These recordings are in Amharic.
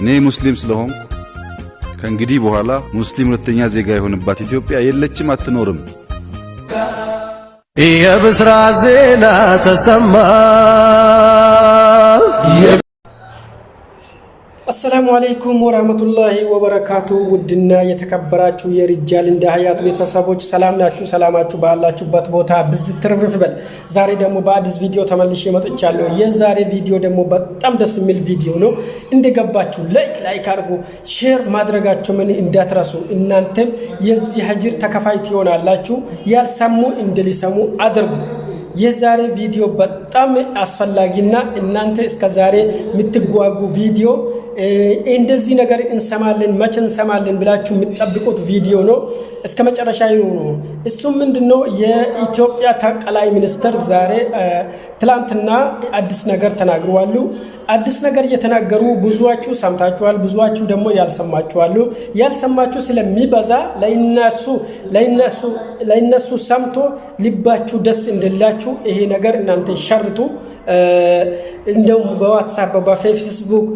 እኔ ሙስሊም ስለሆንኩ ከእንግዲህ በኋላ ሙስሊም ሁለተኛ ዜጋ የሆነባት ኢትዮጵያ የለችም፣ አትኖርም። የብስራት ዜና ተሰማ። አሰላሙ አለይኩም ወራህመቱላሂ ወበረካቱ። ውድና የተከበራችሁ የሪጃል እንደ ሀያት ቤተሰቦች ሰላም ናችሁ? ሰላማችሁ ባላችሁበት ቦታ ብዝ ትርፍርፍ በል። ዛሬ ደግሞ በአዲስ ቪዲዮ ተመልሼ መጥቻለሁ። የዛሬ ቪዲዮ ደግሞ በጣም ደስ የሚል ቪዲዮ ነው። እንደገባችሁ ላይክ ላይክ አድርጉ፣ ሼር ማድረጋችሁ ምን እንዳትረሱ። እናንተም የዚህ ሀጅር ተከፋይ ትሆናላችሁ። ያልሰሙ እንደሊሰሙ አድርጉ። የዛሬ ቪዲዮ በጣም አስፈላጊና እናንተ እስከ ዛሬ የምትጓጉ ቪዲዮ እንደዚህ ነገር እንሰማለን መቼ እንሰማለን ብላችሁ የምትጠብቁት ቪዲዮ ነው። እስከ መጨረሻ ይሁኑ። እሱም ምንድን ነው? የኢትዮጵያ ጠቅላይ ሚኒስትር ዛሬ ትላንትና አዲስ ነገር ተናግረዋሉ። አዲስ ነገር እየተናገሩ ብዙዋችሁ ሰምታችኋል፣ ብዙዋችሁ ደግሞ ያልሰማችኋሉ። ያልሰማችሁ ስለሚበዛ ለይነሱ ሰምቶ ልባችሁ ደስ እንደላችሁ ገብታችሁ ይሄ ነገር እናንተ ሸርቱ። እንደውም በዋትሳፕ በፌስቡክ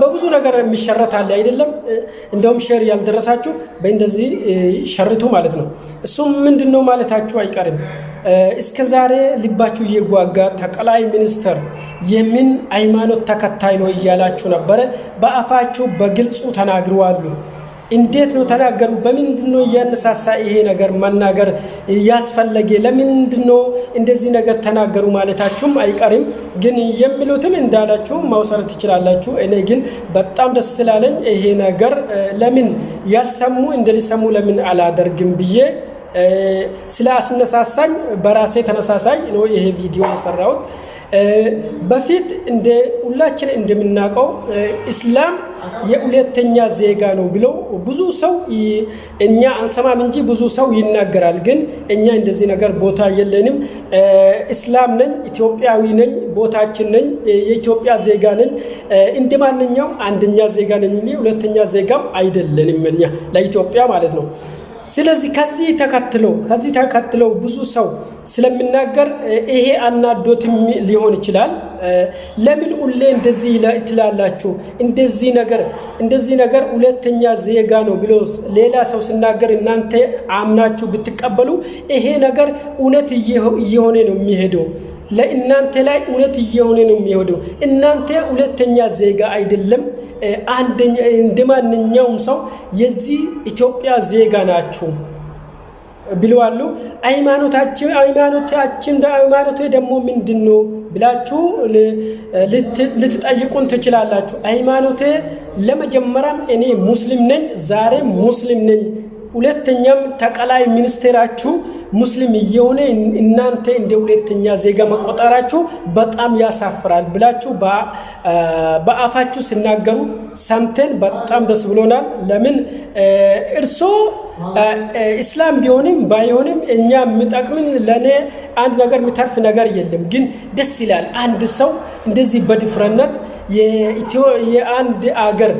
በብዙ ነገር የሚሸረት አለ አይደለም። እንደውም ሼር ያልደረሳችሁ በእንደዚህ ሸርቱ ማለት ነው። እሱም ምንድን ነው ማለታችሁ አይቀርም። እስከ ዛሬ ልባችሁ እየጓጋ ጠቅላይ ሚኒስትር የምን ሃይማኖት ተከታይ ነው እያላችሁ ነበረ። በአፋችሁ በግልጹ ተናግረዋል። እንዴት ነው ተናገሩ? በምንድን ነው እያነሳሳ ይሄ ነገር መናገር ያስፈለገ? ለምንድን ነው እንደዚህ ነገር ተናገሩ ማለታችሁም አይቀርም። ግን የሚሉትም እንዳላችሁ ማውሰር ትችላላችሁ። እኔ ግን በጣም ደስ ስላለኝ ይሄ ነገር ለምን ያልሰሙ እንደሊሰሙ ለምን አላደርግም ብዬ ስለ አስነሳሳኝ በራሴ ተነሳሳኝ ነው ይሄ ቪዲዮ የሰራሁት። በፊት እንደ ሁላችን እንደምናውቀው ኢስላም የሁለተኛ ዜጋ ነው ብለው ብዙ ሰው እኛ አንሰማም እንጂ ብዙ ሰው ይናገራል። ግን እኛ እንደዚህ ነገር ቦታ የለንም። እስላም ነኝ፣ ኢትዮጵያዊ ነኝ፣ ቦታችን ነኝ፣ የኢትዮጵያ ዜጋ ነኝ። እንደ ማንኛውም አንደኛ ዜጋ ነኝ፣ ሁለተኛ ዜጋም አይደለንም እኛ ለኢትዮጵያ ማለት ነው። ስለዚህ ከዚህ ተከትሎ ከዚህ ተከትለው ብዙ ሰው ስለሚናገር ይሄ አናዶትም ሊሆን ይችላል። ለምን ሁሌ እንደዚህ ትላላችሁ? እንደዚህ ነገር እንደዚህ ነገር ሁለተኛ ዜጋ ነው ብሎ ሌላ ሰው ሲናገር እናንተ አምናችሁ ብትቀበሉ ይሄ ነገር እውነት እየሆነ ነው የሚሄደው ለእናንተ ላይ እውነት እየሆነ ነው የሚሄደው። እናንተ ሁለተኛ ዜጋ አይደለም እንደ ማንኛውም ሰው የዚህ ኢትዮጵያ ዜጋ ናችሁ ብለዋሉ። ሃይማኖታችን ሃይማኖታችን ሃይማኖት ደግሞ ምንድን ነው ብላችሁ ልትጠይቁን ትችላላችሁ። ሃይማኖቴ ለመጀመሪያም እኔ ሙስሊም ነኝ፣ ዛሬ ሙስሊም ነኝ ሁለተኛም ተቀላይ ሚኒስቴራችሁ ሙስሊም እየሆነ እናንተ እንደ ሁለተኛ ዜጋ መቆጠራችሁ በጣም ያሳፍራል ብላችሁ በአፋችሁ ሲናገሩ ሰምተን በጣም ደስ ብሎናል። ለምን እርሶ እስላም ቢሆንም ባይሆንም እኛ የሚጠቅምን ለእኔ አንድ ነገር የሚተርፍ ነገር የለም። ግን ደስ ይላል አንድ ሰው እንደዚህ በድፍረነት የአንድ አገር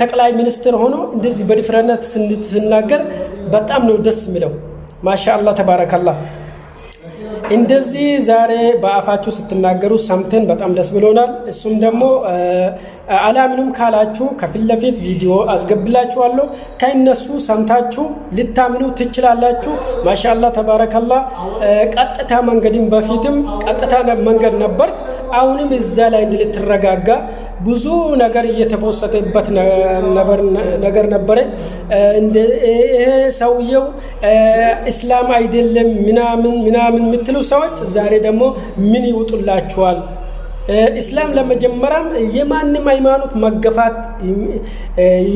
ጠቅላይ ሚኒስትር ሆኖ እንደዚህ በድፍረነት ስናገር በጣም ነው ደስ የሚለው። ማሻአላ ተባረከላ። እንደዚህ ዛሬ በአፋችሁ ስትናገሩ ሰምተን በጣም ደስ ብሎናል። እሱም ደግሞ አላምንም ካላችሁ ከፊት ለፊት ቪዲዮ አስገብላችኋለሁ። ከእነሱ ሰምታችሁ ልታምኑ ትችላላችሁ። ማሻአላ ተባረከላ። ቀጥታ መንገድም በፊትም ቀጥታ መንገድ ነበር አሁንም እዛ ላይ እንድልትረጋጋ ብዙ ነገር እየተፖሰተበት ነገር ነበረ። ይሄ ሰውየው እስላም አይደለም ምናምን ምናምን የምትሉ ሰዎች ዛሬ ደግሞ ምን ይውጡላችኋል? እስላም ለመጀመሪያም የማንም ሃይማኖት መገፋት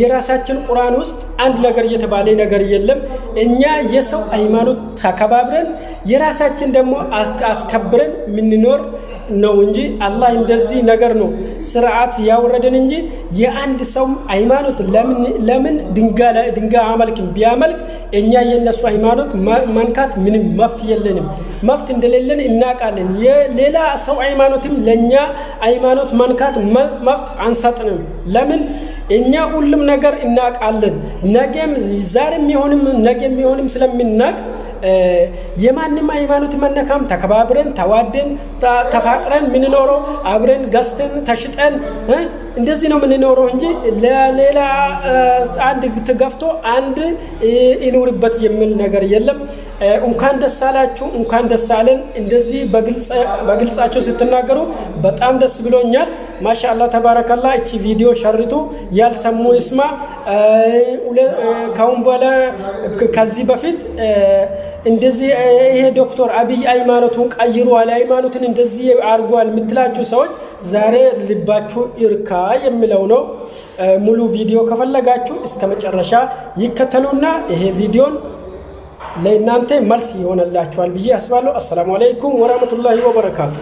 የራሳችን ቁርአን ውስጥ አንድ ነገር እየተባለ ነገር የለም። እኛ የሰው ሃይማኖት ተከባብረን የራሳችን ደግሞ አስከብረን የምንኖር ነው እንጂ አላህ እንደዚህ ነገር ነው ስርዓት ያወረደን እንጂ የአንድ ሰው ሃይማኖት ለምን ድንጋይ አመልክም? ቢያመልክ እኛ የነሱ ሃይማኖት መንካት ምንም መፍት የለንም። መፍት እንደሌለን እናውቃለን። የሌላ ሰው ሃይማኖትም ለእኛ ሃይማኖት መንካት መፍት አንሰጥንም። ለምን እኛ ሁሉም ነገር እናውቃለን። ነገም ዛሬም የሆንም ነገም የሆንም ስለምናውቅ የማንም ሃይማኖት መነካም ተከባብረን ተዋደን ተፋቅረን ምንኖረው አብረን ገዝተን ተሽጠን እንደዚህ ነው የምንኖረው እንጂ ለሌላ አንድ ትገፍቶ አንድ ይኑርበት የሚል ነገር የለም። እንኳን ደስ አላችሁ፣ እንኳን ደስ አለን። እንደዚህ በግልጻችሁ ስትናገሩ በጣም ደስ ብሎኛል። ማሻአላ ተባረከላ። እቺ ቪዲዮ ሸርቱ ያልሰሙ ይስማ። ካሁን በኋላ ከዚህ በፊት እንደዚህ ይሄ ዶክተር አብይ ሃይማኖቱን ቀይሯል፣ ሃይማኖትን እንደዚህ አድርጓል የምትላችሁ ሰዎች ዛሬ ልባችሁ ይርካ የሚለው ነው። ሙሉ ቪዲዮ ከፈለጋችሁ እስከ መጨረሻ ይከተሉና ይሄ ቪዲዮን ለእናንተ መልስ ይሆነላችኋል ብዬ አስባለሁ። አሰላሙ አለይኩም ወራህመቱላሂ ወበረካቱ